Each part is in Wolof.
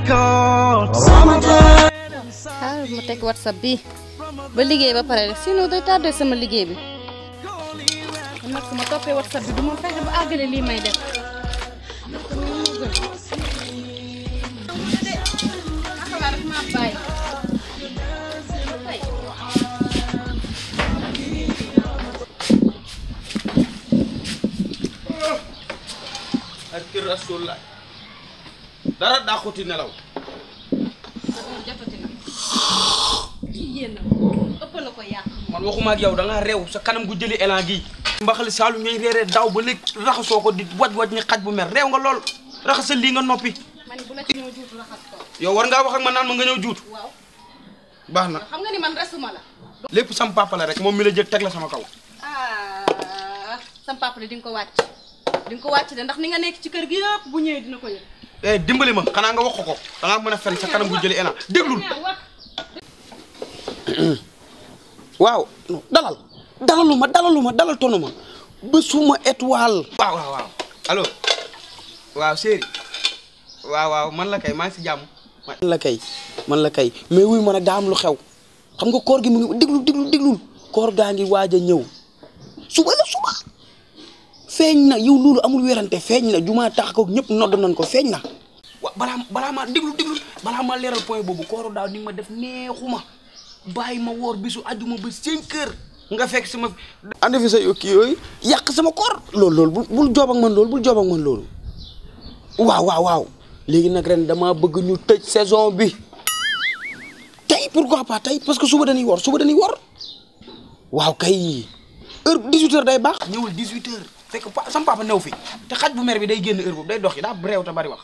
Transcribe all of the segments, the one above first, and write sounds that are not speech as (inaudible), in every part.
xaaral ma teg whatsapp bi ba liggéey ba pare rek sinon day tardé sama liggéey bi kon nag su ma toppee bi du ma fexe ba àggale lii may def. أذكر dara daxuti nelaw man waxuma ak yow da nga rew sa kanam gu jëli élan gi mbaxal salu ñoy réré daw ba leg raxaso ko di waj waj ni xaj bu mer rew nga lol raxasal li nga nopi man bu la ci ñew juutu raxas ko yow war nga wax ak man naan ma nga ñew juutu waaw baxna xam nga ni man resuma la lepp sam papa la rek mom mi la jël tek la sama kaw ah sam papa la ding ko wacc ding ko wacc de ndax ni nga nek ci kër gi yépp bu ñëw dina ko yëg eh dimbali ma xanaa nga wax ko da mën a fen sa kanam bu jëlee na déglul. (coughs) waaw dalal dalaluma dalaluma dalal tonu ma ba suma étoile. waaw waaw waaw allo waaw chéri waaw waaw man la kay maa ngi si jàmm. man la kay man la kay mais wuy ma a daa lu xew xam nga koor gi mu ngi déglu déglu déglul koor gaa ngi waaj a ñëw suba la suba feeñ yow lolu amul wéranté feeñ juma tax ko ñëpp nodd nañ ko feeñ na wa balaa balaa maa déglu déglu balaa maa leeral point bobu kooru daaw ni ma def neexuma bayima wor bisu aduma ba 5 heures nga fekk sama andi fi say ok yoy yak sama kor lolu lolu bul job ak man lolu bul job ak man lolu waaw waaw waaw légui nak ren dama bëgg ñu tejj saison bi tey pourquoi pas tay parce que suba dañuy wor suba dañuy wor waaw kay heure 18 h day bax ñewul 18 h fekk sama papa new fi te xaj bu mer bi day génn heure boobu day dox yi daa réew te bari wax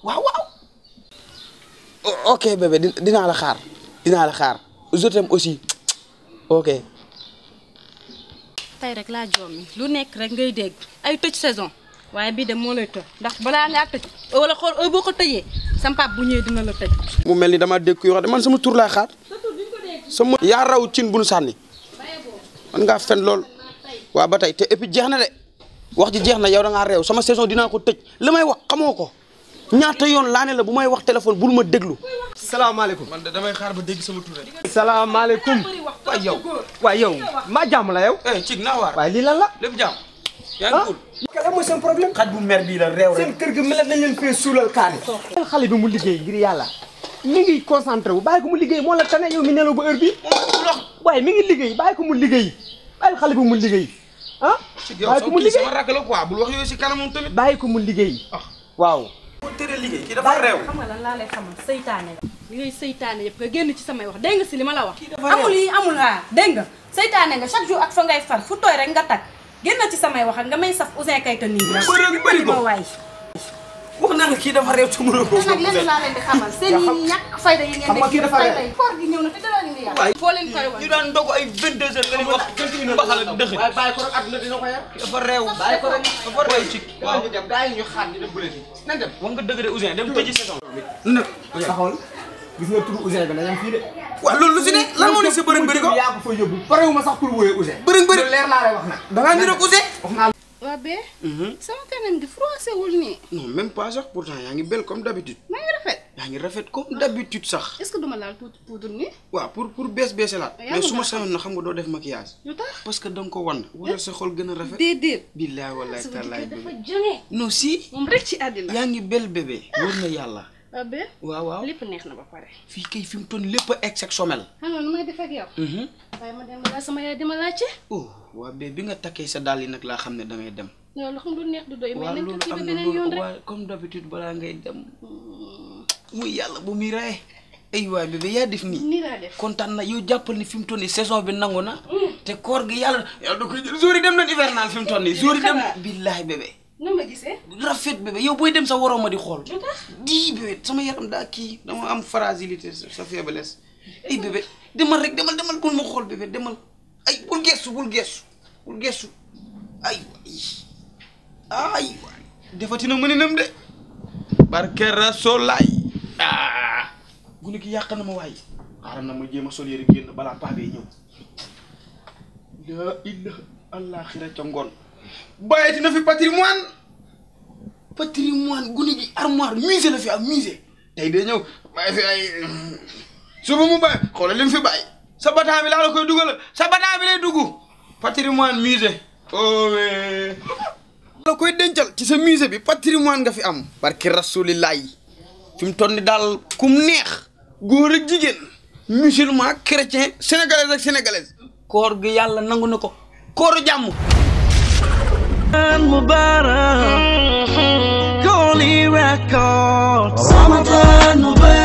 waaw ok bébé dinaa la xaar dinaa la xaar je t'aime aussi ok. tey rek laa joomi lu nekk rek ngay dégg ay tëj saison waaye bii dem moo lay tëj ndax balaa ngaa tëj wala xool boo ko tëjee sam bu ñëwee dina la tëj. mu mel ni dama dégg ko yoo xam man sama tur laa xaar sama. yaa raw cin bu nu sànni man ngaa fen lool waa ba tey te et jeex na de. wax ji jeexna yow da nga rew sama saison dina ko tejj li wax xamoko ñaata yoon laa la bu may wax téléphone bu luma déglu. salaamaaleykum man da may xaar ba dégg sama touré rek. salaamaaleykum. yow wa yow ma jam la yow. eh ci na war wa li lan la. lepp jam yaa ngi tudd. Ah. lan mooy seen problème. xaj bu mer bii la réew rek seen kër gi mel nañ leen fee suulal kaani. xale bi mu liggéey ngir yàlla. mi ngi concentré wu bàyyi ko mu liggéey la yow mi ah bàyyi ko mu liggéey sama rakk la quoi bul wax yooyu si kanamam tamit. bàyyi ko mu liggéey. Ah. waaw. boo tëree liggéey kii dafa réew. xam laa lay xamal seytaane la. li ngay seytaane yëpp nga génn ci samay wax dégg nga si li ma la wax. amul yi amul ah dégg seytaane nga chaque jour ak fa ngay far fu tooy rek nga tag génn ci samay wax nga may saf Ouzin Keita nii. bëri bëri ko wax naa la i ñàkk fayda yi ngeen di fay fay loolu si ne lan moo ne sa bërëng bëri ko. yaa leer laa lay wax nag. da rek Ouzin waa bee. Mhm. sama kanam gi froissé wul nii. non même pas sax pourtant yaa ngi belle comme d'habitude. maa ngi rafet. yaa ngi rafet comme ah. d'habitude sax. est-ce que duma laal tout poudre ni? waaw pour pour baisser baisser là. mais su ma sañoon na xam nga doo def maquillage. lu parce que da nga ko wan. wala eh? sa xol gën a rafet. déedéet. billaay wallaay talaay. dafa non si. moom rek ci àddina. yaa ngi belle bébé. wër na yàlla. be waaw waaw lépp neex na ba pare fii kay fi mu toll lépp exceptionnel xam nga nu may def ak yow mhm. waaye ma dem laa sama yaay dima laajte oh waa bee bi nga takkee sa dàll yi nag laa xam ne da ngay dem loolu xam du neex du doy mais nañ ko kii ba beneen yoon rek waaw comme d'habitude balaa ngay dem hmm. muy yàlla bu muy raye ay waay bébé yaa def nii nii laa def kontaan na yow jàppal ni fi mu toll nii saison bi nangu na hmm. te koor gi yàlla yàlla da koy jël jour dem na hivernal fi mu toll nii jour dem billahi bébé na ma gisee. rafet bébé yow booy dem sa waroo ma di xool. di bébé sama yaram daa kii dama am fragilité sa faiblesse. ay bébé demal rek demal demal bul ma xool bébé demal ay bul gestu bul gestu bul gestu ay ay waay defatina mën nam de. barke Rasulaay ah. gune ki yàq na ma waay. xaaral na ma jéem a sol yére génn balaa paa bee ñëw. la ilaha allaaxira ca bàyyati na fi patrimoine patrimoine gune gi armoire musée la fi am musée tey day ñëw bàyyi fi ay suba mu bàyyi xoolal li fi bàyyi sa bataan bi laa la koy dugal sa bataan bi lay dugg patrimoine musée owe oh, la koy dencal ci sa musée bi patrimoine nga fi am barki rasulillahi fi mu toll ni daal kum neex góor ak jigéen musulman chrétien sénégalais ak sénégalaise koor gi yàlla nangu na ko kooru jàmm Mubarak, Goli Records. Ramadan Mubarak.